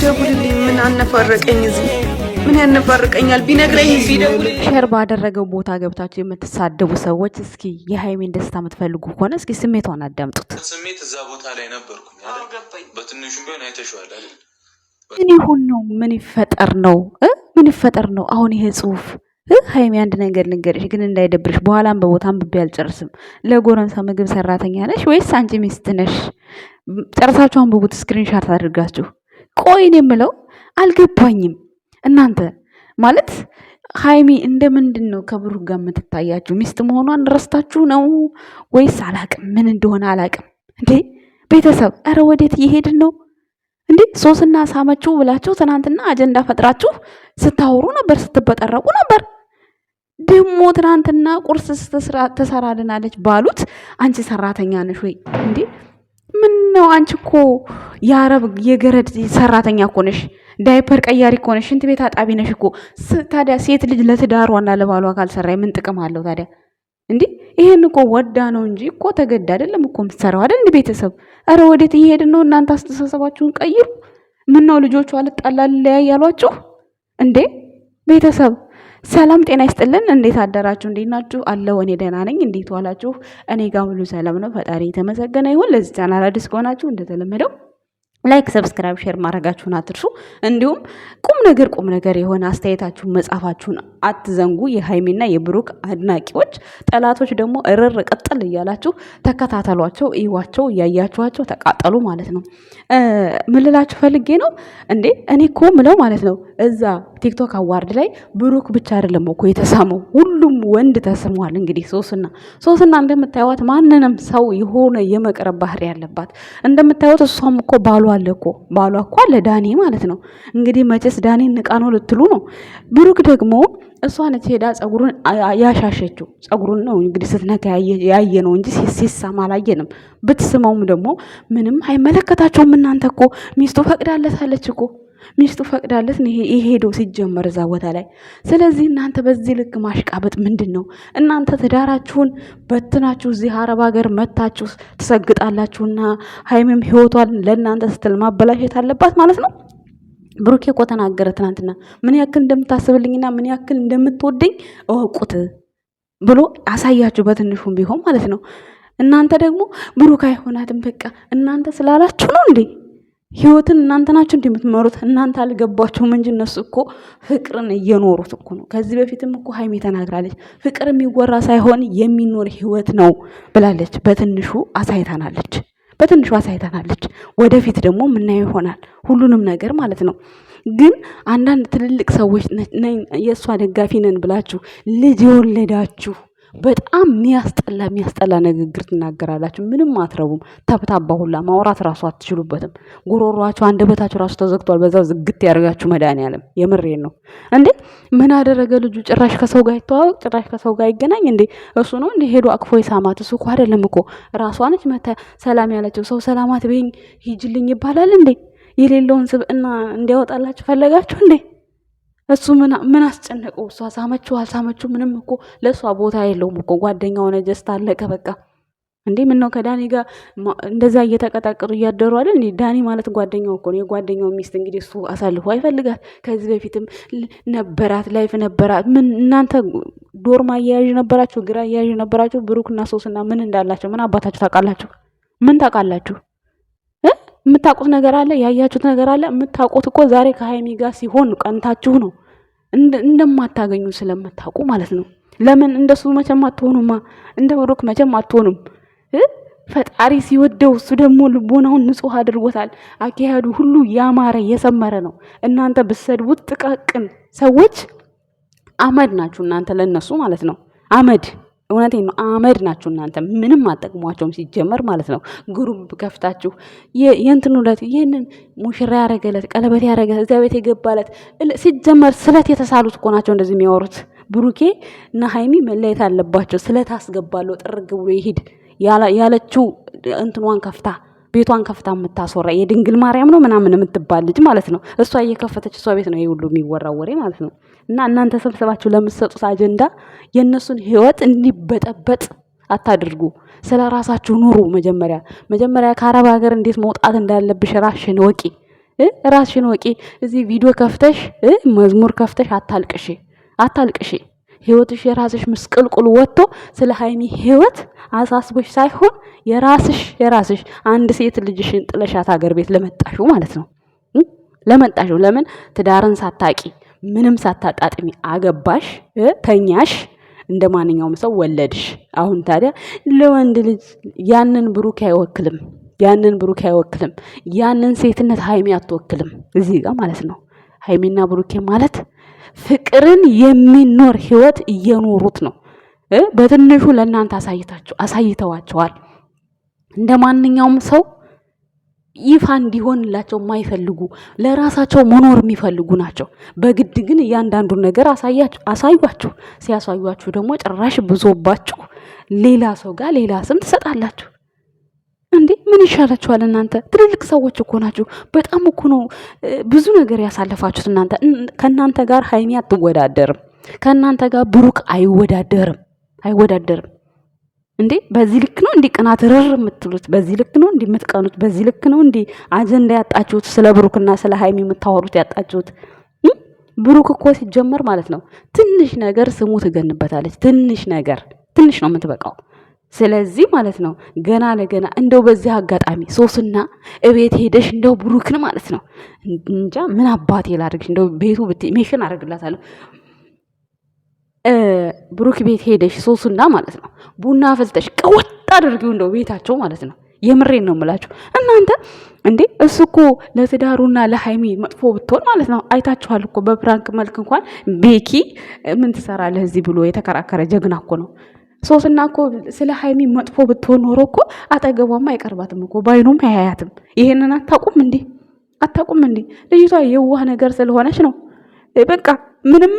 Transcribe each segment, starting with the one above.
ደውልልኝ። ምን አነፋረቀኝ? እዚህ ምን ያነፋርቀኛል? ቢነግረኝ ሸር ባደረገው ቦታ ገብታችሁ የምትሳደቡ ሰዎች እስኪ የሀይሜን ደስታ የምትፈልጉ ከሆነ እስኪ ስሜቷን አዳምጡት። ስሜት እዛ ቦታ ላይ በትንሹም ቢሆን አይተሸዋል። ምን ይሁን ነው? ምን ይፈጠር ነው? ምን ይፈጠር ነው? አሁን ይሄ ጽሁፍ ሀይሜ አንድ ነገር ልንገርሽ ግን እንዳይደብርሽ፣ በኋላም በቦታ አንብቤ አልጨርስም። ለጎረምሳ ምግብ ሰራተኛ ነሽ ወይስ አንቺ ሚስት ነሽ? ጨርሳችሁ አንብቡት፣ ስክሪንሻት አድርጋችሁ ቆይን የምለው አልገባኝም። እናንተ ማለት ሀይሚ እንደ ምንድን ነው ከብሩክ ጋር የምትታያችሁ? ሚስት መሆኗን ረስታችሁ ነው ወይስ አላቅም? ምን እንደሆነ አላቅም። እንዴ ቤተሰብ፣ እረ ወዴት እየሄድን ነው እንዴ? ሶስና ሳመችው ብላችሁ ትናንትና አጀንዳ ፈጥራችሁ ስታወሩ ነበር፣ ስትበጠረቁ ነበር። ደግሞ ትናንትና ቁርስ ተሰራልናለች ባሉት አንቺ ሰራተኛ ነሽ ወይ እንዴ? ምን ነው አንቺ እኮ የአረብ የገረድ ሰራተኛ እኮ ነሽ፣ ዳይፐር ቀያሪ እኮ ነሽ፣ ሽንት ቤት አጣቢ ነሽ እኮ። ታዲያ ሴት ልጅ ለትዳሯና ለባሏ ካልሰራ ምን ጥቅም አለው ታዲያ? እንዲህ ይሄን እኮ ወዳ ነው እንጂ እኮ ተገዳ አይደለም እኮ የምትሰራው አይደል? እንዲህ ቤተሰብ፣ ኧረ ወዴት እየሄድ ነው? እናንተ አስተሳሰባችሁን ቀይሩ። ምን ነው ልጆቹ አልጣላ ለያይ ያሏችሁ እንዴ ቤተሰብ ሰላም ጤና ይስጥልን። እንዴት አደራችሁ? እንዴት ናችሁ? አለው እኔ ደህና ነኝ። እንዴት ዋላችሁ? እኔ ጋር ሁሉ ሰላም ነው። ፈጣሪ የተመሰገነ ይሁን። ለዚህ ቻናል አዲስ ከሆናችሁ እንደተለመደው ላይክ ሰብስክራይብ ሼር ማድረጋችሁን አትርሱ። እንዲሁም ቁም ነገር ቁም ነገር የሆነ አስተያየታችሁን መጻፋችሁን አትዘንጉ። የሀይሚና የብሩክ አድናቂዎች፣ ጠላቶች ደግሞ እርር ቅጥል እያላችሁ ተከታተሏቸው፣ እዩዋቸው፣ እያያችኋቸው ተቃጠሉ ማለት ነው። ምልላችሁ ፈልጌ ነው እንዴ እኔ እኮ ምለው ማለት ነው እዛ ቲክቶክ አዋርድ ላይ ብሩክ ብቻ አይደለም እኮ የተሳመው፣ ሁሉም ወንድ ተስሟል። እንግዲህ ሶስና ሶስና እንደምታዩት ማንንም ሰው የሆነ የመቅረብ ባህሪ ያለባት እንደምታዩት እሷም እኮ ባሏ አለ እኮ ባሏ እኮ አለ ዳኒ ማለት ነው። እንግዲህ መቼስ ዳኒ ንቃ ነው ልትሉ ነው። ብሩክ ደግሞ እሷ ነች ሄዳ ጸጉሩን ያሻሸችው። ጸጉሩን ነው እንግዲህ ስትነካ ያየ ነው እንጂ ሲሳም አላየንም። ብትስመውም ደግሞ ምንም አይመለከታቸውም። እናንተ እኮ ሚስቱ ፈቅዳለታለች እኮ ሚስቱ ፈቅዳለት የሄደው ሲጀመር እዛ ቦታ ላይ። ስለዚህ እናንተ በዚህ ልክ ማሽቃበጥ ምንድን ነው? እናንተ ትዳራችሁን በትናችሁ እዚህ አረብ ሀገር መታችሁ ትሰግጣላችሁና ሀይምም ህይወቷን ለእናንተ ስትል ማበላሸት አለባት ማለት ነው። ብሩኬ እኮ ተናገረ ትናንትና ምን ያክል እንደምታስብልኝና ምን ያክል እንደምትወደኝ እወቁት ብሎ አሳያችሁ በትንሹም ቢሆን ማለት ነው። እናንተ ደግሞ ብሩክ አይሆናትም በቃ እናንተ ስላላችሁ ነው እንዴ? ህይወትን እናንተ ናቸው እንደምትመሩት እናንተ አልገባችሁም እንጂ እነሱ እኮ ፍቅርን እየኖሩት እኮ ነው። ከዚህ በፊትም እኮ ሀይሜ ተናግራለች። ፍቅር የሚወራ ሳይሆን የሚኖር ህይወት ነው ብላለች። በትንሹ አሳይታናለች፣ በትንሹ አሳይታናለች። ወደፊት ደግሞ ምናየው ይሆናል ሁሉንም ነገር ማለት ነው። ግን አንዳንድ ትልልቅ ሰዎች የእሷ ደጋፊ ነን ብላችሁ ልጅ የወለዳችሁ በጣም የሚያስጠላ የሚያስጠላ ንግግር ትናገራላችሁ። ምንም አትረቡም። ተብታባ ሁላ ማውራት ራሱ አትችሉበትም። ጉሮሯችሁ አንደበታችሁ ራሱ ተዘግቷል። በዛ ዝግት ያደርጋችሁ። መድኃኒዓለም የምሬን ነው እንዴ! ምን አደረገ ልጁ? ጭራሽ ከሰው ጋር ይተዋወቅ፣ ጭራሽ ከሰው ጋር ይገናኝ እንዴ! እሱ ነው እንዴ ሄዶ አቅፎ የሳማት? እሱ እኮ አይደለም እኮ ራሷ ነች መታ ሰላም ያለችው። ሰው ሰላማት በይኝ ሂጅልኝ ይባላል እንዴ? የሌለውን ስብዕና እንዲያወጣላችሁ ፈለጋችሁ እንዴ? እሱ ምን አስጨነቀው? እሷ ሳመችው አልሳመችው ምንም እኮ ለእሷ ቦታ የለውም እኮ ጓደኛ ሆነ። ጀስት አለቀ በቃ። እንዴ ምን ነው ከዳኒ ጋር እንደዛ እየተቀጣቀሩ እያደሩ አለ እንዴ ዳኒ ማለት ጓደኛው እኮ ነው። የጓደኛው ሚስት እንግዲህ እሱ አሳልፎ አይፈልጋት። ከዚህ በፊትም ነበራት፣ ላይፍ ነበራት። ምን እናንተ ዶርማ አያያዥ ነበራችሁ፣ ግራ አያያዥ ነበራችሁ። ብሩክና ሶስና ምን እንዳላቸው ምን አባታችሁ ታውቃላችሁ? ምን ታውቃላችሁ? የምታውቁት ነገር አለ፣ ያያችሁት ነገር አለ። የምታውቁት እኮ ዛሬ ከሀይሚ ጋር ሲሆን ቀንታችሁ ነው እንደማታገኙ ስለምታውቁ ማለት ነው። ለምን እንደሱ መቼም አትሆኑማ፣ እንደ ብሩክ መቼም አትሆኑም። ፈጣሪ ሲወደው እሱ ደግሞ ልቦናውን ንጹሕ አድርጎታል። አካሄዱ ሁሉ ያማረ የሰመረ ነው። እናንተ ብትሰድቡት ጥቃቅን ሰዎች አመድ ናችሁ እናንተ ለነሱ ማለት ነው አመድ እውነቴ ነው። አመድ ናችሁ እናንተ ምንም አጠቅሟቸውም ሲጀመር ማለት ነው። ግሩብ ከፍታችሁ የእንትን ለት ይህንን ሙሽራ ያረገለት ቀለበት ያረገ እዚያ ቤት የገባለት ሲጀመር ስለት የተሳሉት እኮ ናቸው እንደዚህ የሚያወሩት። ብሩኬ እና ሀይሚ መለየት አለባቸው። ስለት አስገባለሁ ጥርግ ብሎ ይሂድ ያለችው እንትኗን ከፍታ ቤቷን ከፍታ የምታስወራ የድንግል ማርያም ነው ምናምን የምትባል ልጅ ማለት ነው። እሷ እየከፈተች እሷ ቤት ነው ይሄ ሁሉ የሚወራው ወሬ ማለት ነው። እና እናንተ ሰብሰባችሁ ለምትሰጡት አጀንዳ የእነሱን ህይወት እንዲበጠበጥ አታድርጉ። ስለ ራሳችሁ ኑሩ። መጀመሪያ መጀመሪያ ከአረብ ሀገር እንዴት መውጣት እንዳለብሽ ራሽን ወቂ፣ ራሽን ወቂ። እዚህ ቪዲዮ ከፍተሽ መዝሙር ከፍተሽ አታልቅሽ፣ አታልቅሽ። ህይወትሽ የራስሽ ምስቅልቁል ወጥቶ ስለ ሀይሚ ህይወት አሳስቦሽ ሳይሆን የራስሽ የራስሽ አንድ ሴት ልጅሽን ጥለሻት ሀገር ቤት ለመጣሹ ማለት ነው ለመጣሹ ለምን ትዳርን ሳታቂ ምንም ሳታጣጥሚ አገባሽ፣ ተኛሽ፣ እንደ ማንኛውም ሰው ወለድሽ። አሁን ታዲያ ለወንድ ልጅ ያንን ብሩክ አይወክልም፣ ያንን ብሩክ አይወክልም፣ ያንን ሴትነት ሀይሚ አትወክልም እዚህ ጋር ማለት ነው። ሀይሚና ብሩኬ ማለት ፍቅርን የሚኖር ህይወት እየኖሩት ነው። በትንሹ ለእናንተ አሳይታችሁ አሳይተዋቸዋል። እንደ ማንኛውም ሰው ይፋ እንዲሆንላቸው የማይፈልጉ ለራሳቸው መኖር የሚፈልጉ ናቸው። በግድ ግን እያንዳንዱን ነገር አሳያችሁ ሲያሳዩችሁ ደግሞ ጭራሽ ብዞባችሁ ሌላ ሰው ጋር ሌላ ስም ትሰጣላችሁ። እንዴ ምን ይሻላችኋል እናንተ ትልልቅ ሰዎች እኮ ናችሁ። በጣም እኮ ነው ብዙ ነገር ያሳለፋችሁት እናንተ። ከእናንተ ጋር ሀይሚ አትወዳደርም። ከእናንተ ጋር ብሩክ አይወዳደርም፣ አይወዳደርም። እንዴ በዚህ ልክ ነው እንዲ ቅናት ርር የምትሉት? በዚህ ልክ ነው እንዲህ የምትቀኑት? በዚህ ልክ ነው እንዲ አጀንዳ ያጣችሁት? ስለ ብሩክና ስለ ሀይሚ የምታወሩት ያጣችሁት? ብሩክ እኮ ሲጀመር ማለት ነው ትንሽ ነገር ስሙ ትገንበታለች። ትንሽ ነገር ትንሽ ነው የምትበቃው ስለዚህ ማለት ነው ገና ለገና እንደው በዚህ አጋጣሚ ሶስና እቤት ሄደሽ እንደው ብሩክን ማለት ነው እንጃ ምን አባቴ ላድርግሽ፣ እንደው ቤቱ ሜሽን አደርግላታለሁ። ብሩክ ቤት ሄደሽ ሶስና ማለት ነው ቡና ፈልተሽ ቀወጥ አድርጊው እንደው ቤታቸው ማለት ነው። የምሬን ነው የምላችሁ እናንተ እንዴ። እሱ እኮ ለትዳሩና ለሀይሚ መጥፎ ብትሆን ማለት ነው። አይታችኋል እኮ በፕራንክ መልክ እንኳን ቤኪ ምን ትሰራለህ እዚህ ብሎ የተከራከረ ጀግና እኮ ነው። ሶስና እኮ ስለ ሀይሚ መጥፎ ብትሆን ኖሮ እኮ አጠገቧማ አይቀርባትም እኮ ባይኖም አያያትም። ይሄንን አታቁም እንዴ? አታቁም እንዴ? ልጅቷ የዋህ ነገር ስለሆነች ነው። በቃ ምንም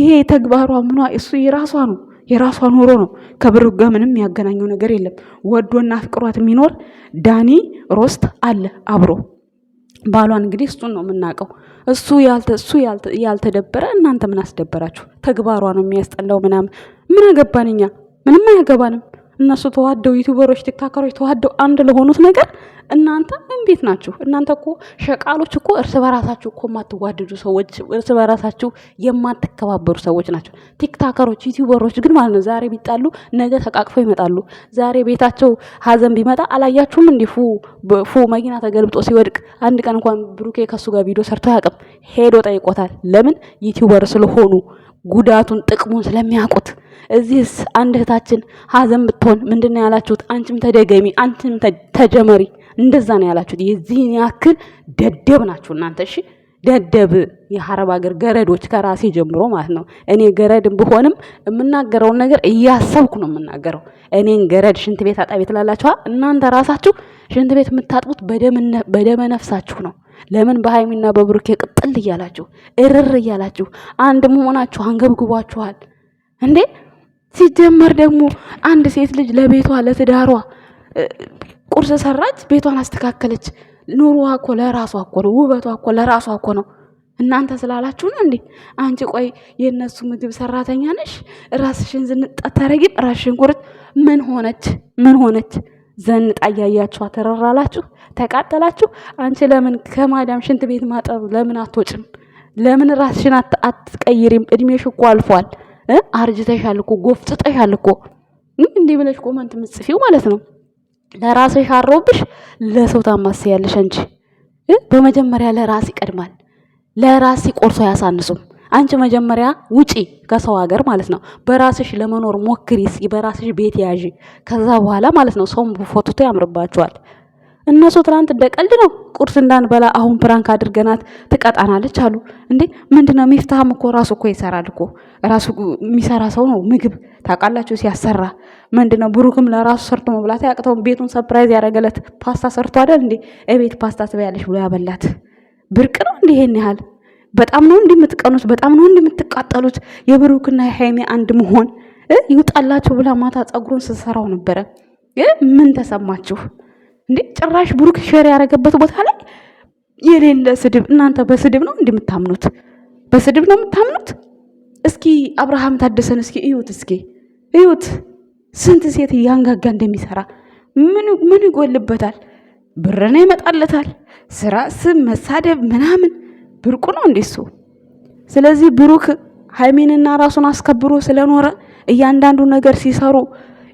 ይሄ ተግባሯ ምኗ እሱ የራሷ ነው፣ የራሷ ኑሮ ነው። ከብሩክ ጋ ምንም ያገናኘው ነገር የለም። ወዶና ፍቅሯት የሚኖር ዳኒ ሮስት አለ አብሮ ባሏ እንግዲህ እሱን ነው የምናውቀው። እሱ ያልተደበረ እናንተ ምን አስደበራችሁ? ተግባሯ ነው የሚያስጠላው ምናምን ምን አገባን እኛ? ምንም አያገባንም። እነሱ ተዋደው ዩቱበሮች፣ ቲክታከሮች ተዋደው አንድ ለሆኑት ነገር እናንተ እንዴት ናችሁ? እናንተ እኮ ሸቃሎች እኮ እርስ በራሳችሁ እኮ የማትዋደዱ ሰዎች፣ እርስ በራሳችሁ የማትከባበሩ ሰዎች ናቸው። ቲክታከሮች፣ ዩቱበሮች ግን ማለት ነው ዛሬ ቢጣሉ ነገ ተቃቅፈው ይመጣሉ። ዛሬ ቤታቸው ሀዘን ቢመጣ አላያችሁም? እንዲ ፉ መኪና ተገልብጦ ሲወድቅ አንድ ቀን እንኳን ብሩኬ ከሱ ጋር ቪዲዮ ሰርቶ አያውቅም። ሄዶ ጠይቆታል። ለምን ዩቱበር ስለሆኑ ጉዳቱን ጥቅሙን ስለሚያውቁት። እዚህስ አንድ እህታችን ሀዘን ብትሆን ምንድን ነው ያላችሁት? አንቺም ተደገሚ፣ አንቺም ተጀመሪ፣ እንደዛ ነው ያላችሁት። የዚህን ያክል ደደብ ናችሁ እናንተ። እሺ ደደብ የሀረብ ሀገር ገረዶች፣ ከራሴ ጀምሮ ማለት ነው። እኔ ገረድ ብሆንም የምናገረውን ነገር እያሰብኩ ነው የምናገረው። እኔን ገረድ ሽንት ቤት አጣቢ ትላላችኋ። እናንተ ራሳችሁ ሽንት ቤት የምታጥቡት በደመ ነፍሳችሁ ነው። ለምን በሃይሚና በብሩኬ ቅጥል እያላችሁ እርር እያላችሁ አንድ መሆናችሁ አንገብግቧችኋል እንዴ? ሲጀመር ደግሞ አንድ ሴት ልጅ ለቤቷ ለትዳሯ ቁርስ ሰራች፣ ቤቷን አስተካከለች። ኑሯ እኮ ለራሷ እኮ ነው። ውበቷ እኮ ለራሷ እኮ ነው። እናንተ ስላላችሁ ነው እንዴ? አንቺ ቆይ የእነሱ ምግብ ሰራተኛ ነሽ? ራስሽን ዝንጣ ራስሽን ቁርጥ ምን ሆነች? ምን ሆነች? ዘንጣ እያያችሁ ተረራላችሁ፣ ተቃጠላችሁ። አንቺ ለምን ከማዳም ሽንት ቤት ማጠብ ለምን አትወጭም? ለምን ራስሽን አትቀይሪም? እድሜሽ እኮ አልፏል። አርጅተሻል እኮ ጎፍጥጠሻል እኮ እንዲህ ብለሽ ኮመንት ምጽፊው ማለት ነው። ለራስሽ አሮብሽ ለሰው ታማስያለሽ እንጂ በመጀመሪያ ለራስ ይቀድማል። ለራስ ቆርሶ አያሳንሱም። አንቺ መጀመሪያ ውጪ ከሰው ሀገር ማለት ነው። በራስሽ ለመኖር ሞክሪስ፣ በራስሽ ቤት ያዥ። ከዛ በኋላ ማለት ነው ሰውም ፎቶቶ ያምርባቸዋል። እነሱ ትናንት እንደቀልድ ነው ቁርስ እንዳንበላ አሁን ፕራንክ አድርገናት ትቀጣናለች አሉ። እንዴ ምንድነው ነው? ሚፍታህም እኮ ራሱ እኮ ይሰራል እኮ ራሱ የሚሰራ ሰው ነው። ምግብ ታውቃላችሁ ሲያሰራ ምንድነው ብሩክም ለራሱ ሰርቶ መብላት ያቅተውን ቤቱን ሰፕራይዝ ያደረገለት ፓስታ ሰርቶ አይደል እንዴ? እቤት ፓስታ ትበያለሽ ብሎ ያበላት ብርቅ ነው እንዲህ ይሄን ያህል በጣም ነው እንደምትቀኑት፣ በጣም ነው እንደምትቃጠሉት። የብሩክና የሃይሜ አንድ መሆን ይውጣላችሁ ብላ ማታ ፀጉሩን ስትሰራው ነበረ። ምን ተሰማችሁ እንዴ? ጭራሽ ብሩክ ሼር ያደረገበት ቦታ ላይ የሌለ ስድብ። እናንተ በስድብ ነው እንደምታምኑት፣ በስድብ ነው የምታምኑት። እስኪ አብርሃም ታደሰን እስኪ እዩት፣ እስኪ እዩት፣ ስንት ሴት እያንጋጋ እንደሚሰራ ምን ይጎልበታል? ብር ነው ይመጣለታል። ስራ፣ ስም፣ መሳደብ ምናምን ብርቁ ነው እንዴ እሱ? ስለዚህ ብሩክ ሀይሚንና ራሱን አስከብሮ ስለኖረ እያንዳንዱ ነገር ሲሰሩ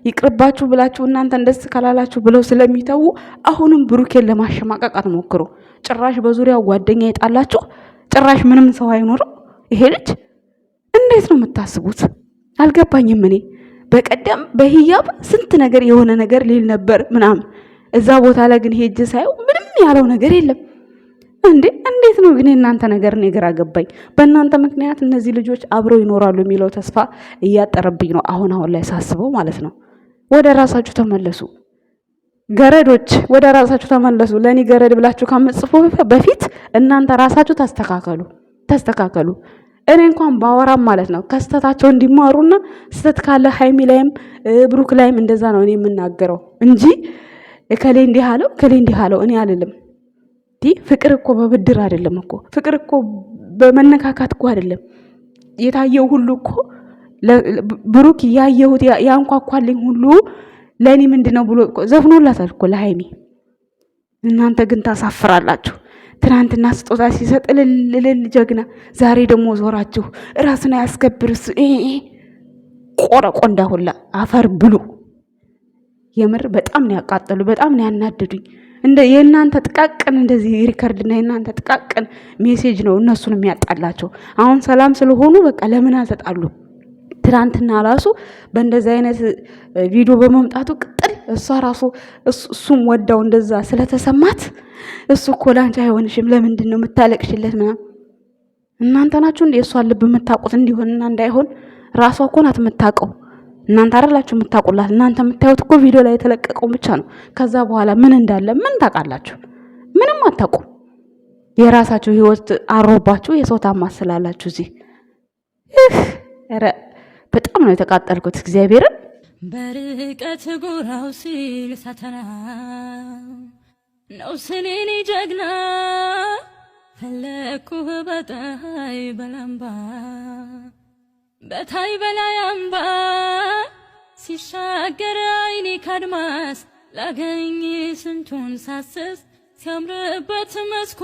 ይቅርባችሁ ብላችሁ እናንተ እንደስ ካላላችሁ ብለው ስለሚተዉ አሁንም ብሩኬን ለማሸማቀቅ አትሞክሩ። ጭራሽ በዙሪያው ጓደኛ ይጣላችሁ፣ ጭራሽ ምንም ሰው አይኖርም። ይሄ ልጅ እንዴት ነው የምታስቡት? አልገባኝም። እኔ በቀደም በህያብ ስንት ነገር የሆነ ነገር ሊል ነበር ምናምን፣ እዛ ቦታ ላይ ግን ሄጅ ሳየው ምንም ያለው ነገር የለም። እንዴ እንዴት ነው ግን የእናንተ ነገር? እኔ ግራ ገባኝ። በእናንተ ምክንያት እነዚህ ልጆች አብረው ይኖራሉ የሚለው ተስፋ እያጠረብኝ ነው አሁን አሁን ላይ ሳስበው ማለት ነው። ወደ ራሳችሁ ተመለሱ ገረዶች፣ ወደ ራሳችሁ ተመለሱ። ለእኔ ገረድ ብላችሁ ከምጽፉ በፊት እናንተ ራሳችሁ ተስተካከሉ፣ ተስተካከሉ። እኔ እንኳን ባወራም ማለት ነው ከስተታቸው እንዲማሩና ስተት ካለ ሀይሚ ላይም ብሩክ ላይም እንደዛ ነው እኔ የምናገረው እንጂ እከሌ እንዲህ አለው እከሌ እንዲህ አለው እኔ አልልም። ፍቅር እኮ በብድር አይደለም እኮ ፍቅር እኮ በመነካካት እኮ አይደለም። የታየው ሁሉ እኮ ብሩክ ያየሁት ያንኳኳልኝ ሁሉ ለእኔ ምንድን ነው ብሎ ዘፍኖላታል እኮ ለሀይሚ። እናንተ ግን ታሳፍራላችሁ። ትናንትና ስጦታ ሲሰጥ ልልልል ጀግና፣ ዛሬ ደግሞ ዞራችሁ ራስን አያስከብርስ ቆረቆንዳ ሁላ አፈር ብሉ። የምር በጣም ነው ያቃጠሉ፣ በጣም ነው ያናደዱኝ። እንደ የእናንተ ጥቃቅን እንደዚህ ሪከርድና የእናንተ ጥቃቅን ሜሴጅ ነው እነሱን የሚያጣላቸው። አሁን ሰላም ስለሆኑ በቃ ለምን አልተጣሉም? ትናንትና ራሱ በእንደዚህ አይነት ቪዲዮ በመምጣቱ ቅጥል እሷ ራሱ እሱም ወዳው እንደዛ ስለተሰማት እሱ እኮ ላንቺ አይሆንሽም፣ ለምንድን ነው የምታለቅሽለት? ምናምን እናንተ ናችሁ እንደ እሷን ልብ የምታውቁት እንዲሆንና እንዳይሆን ራሷ እኮ ናት የምታውቀው። እናንተ አይደላችሁ የምታውቁላት። እናንተ የምታዩት እኮ ቪዲዮ ላይ የተለቀቀው ብቻ ነው። ከዛ በኋላ ምን እንዳለ ምን ታውቃላችሁ? ምንም አታውቁም። የራሳችሁ ህይወት አሮባችሁ የሰው ታማት ስላላችሁ እዚህ በጣም ነው የተቃጠልኩት። እግዚአብሔርን በርቀት ጎራው ሲል ሳተና ነው ስኔን ጀግና ፈለግኩህ በፀሐይ በላምባ በታይ በላይ አምባ ሲሻገር አይኔ ካድማስ ላገኝ ስንቱን ሳስስ ሲያምርበት መስኩ